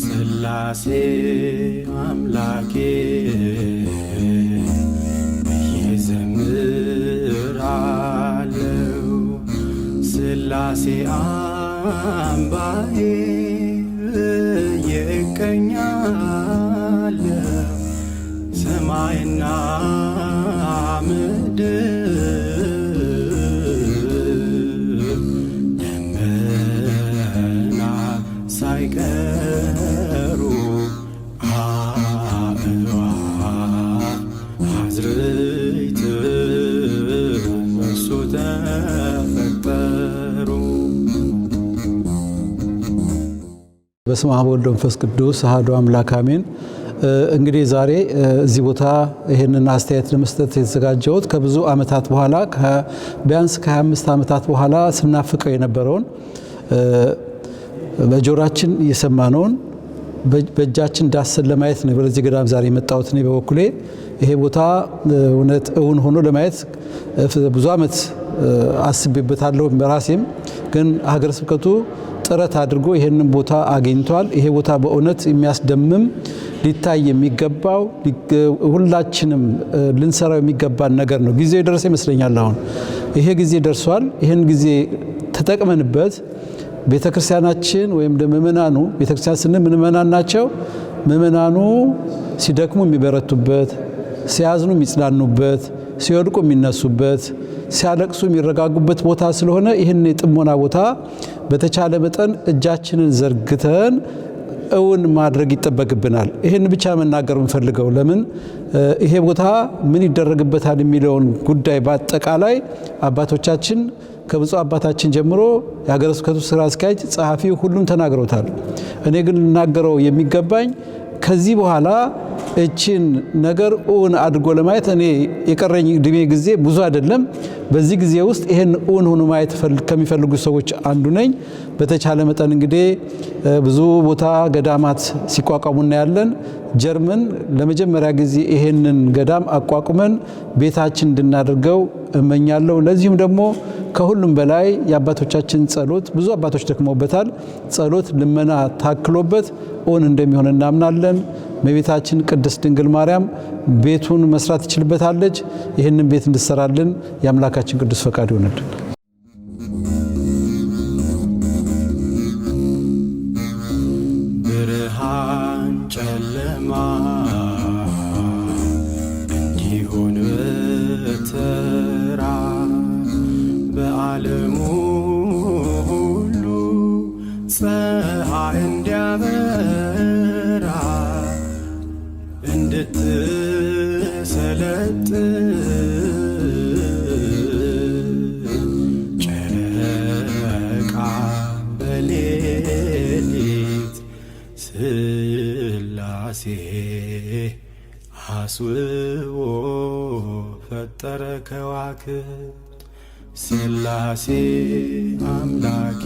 ስላሴ አምላኬ እዘምራለው ስላሴ አምባዬ የእቀኛለው ሰማይና ምድር ደመና ሳይቀር ተፈጠሩ። በስመ አብ ወወልድ ወመንፈስ ቅዱስ አሐዱ አምላክ አሜን። እንግዲህ ዛሬ እዚህ ቦታ ይህንን አስተያየት ለመስጠት የተዘጋጀሁት ከብዙ ዓመታት በኋላ ቢያንስ ከ25 ዓመታት በኋላ ስናፍቀው የነበረውን በጆሮአችን እየሰማነውን በእጃችን ዳስን ለማየት ነው ወደዚህ ገዳም ዛሬ የመጣሁት። እኔ በበኩሌ ይሄ ቦታ እውነት እውን ሆኖ ለማየት ብዙ ዓመት አስቤበታለሁ በራሴም ግን ሀገረ ስብከቱ ጥረት አድርጎ ይሄንን ቦታ አግኝቷል። ይሄ ቦታ በእውነት የሚያስደምም ሊታይ የሚገባው ሁላችንም ልንሰራው የሚገባን ነገር ነው። ጊዜው የደረሰ ይመስለኛል። አሁን ይሄ ጊዜ ደርሷል። ይህን ጊዜ ተጠቅመንበት ቤተ ክርስቲያናችን ወይም ምእመናኑ ቤተክርስቲያን ስንል ምእመናን ናቸው። ምእመናኑ ሲደክሙ የሚበረቱበት፣ ሲያዝኑ የሚጽናኑበት፣ ሲወድቁ የሚነሱበት ሲያለቅሱ የሚረጋጉበት ቦታ ስለሆነ ይህን የጥሞና ቦታ በተቻለ መጠን እጃችንን ዘርግተን እውን ማድረግ ይጠበቅብናል። ይህን ብቻ መናገር የምፈልገው ለምን ይሄ ቦታ ምን ይደረግበታል የሚለውን ጉዳይ በአጠቃላይ አባቶቻችን ከብፁዕ አባታችን ጀምሮ የሀገረ ስብከቱ ስራ አስኪያጅ፣ ጸሐፊ ሁሉም ተናግረውታል። እኔ ግን ልናገረው የሚገባኝ ከዚህ በኋላ እችን ነገር እውን አድርጎ ለማየት እኔ የቀረኝ እድሜ ጊዜ ብዙ አይደለም። በዚህ ጊዜ ውስጥ ይሄን እውን ሆኖ ማየት ከሚፈልጉ ሰዎች አንዱ ነኝ። በተቻለ መጠን እንግዲህ ብዙ ቦታ ገዳማት ሲቋቋሙ እናያለን። ጀርመን ለመጀመሪያ ጊዜ ይሄንን ገዳም አቋቁመን ቤታችን እንድናደርገው እመኛለሁ። ለዚሁም ደግሞ ከሁሉም በላይ የአባቶቻችን ጸሎት፣ ብዙ አባቶች ደክመውበታል። ጸሎት ልመና ታክሎበት እውን እንደሚሆን እናምናለን። እመቤታችን ቅድስት ድንግል ማርያም ቤቱን መስራት ትችልበታለች። ይህንን ቤት እንድሰራልን የአምላካችን ቅዱስ ፈቃድ ይሆንልን። ብርሃን ጨለማ አስውቦ ፈጠረ ከዋክብት ሥላሴ አምላኬ